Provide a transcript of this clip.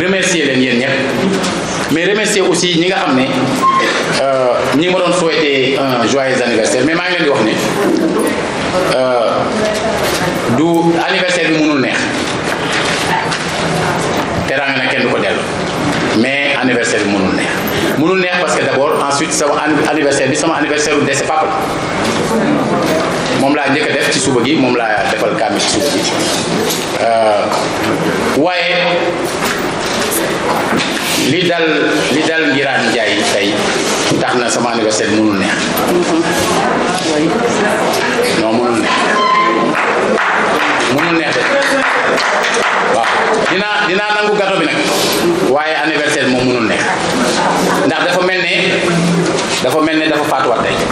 remercier les yéen ñëpp mais remercier aussi ñi nga xam ne euh, ñi ma doon souhaiter un joyeux anniversaire mais ma ngi leen wax né euh du anniversaire bi mënul neex teraanga nag kenn du ko dellu mais anniversaire bi mënul neex mënul neex parce que d'abord ensuite sama anniversaire bi sama anniversaire bu dese papa moom la njëkk a def ci suba gi mom la defal kàmmi ci suba gi euh, waye li dal li dal ngiraan njaay tey tax na sama anniversaire mënul neex non mënul neex mënul neex waaw dinaa dinaa nangu gâteau bi nag waaye anniversaire moom mënul neex ndax dafa mel ne dafa mel ne dafa faatuwaat tey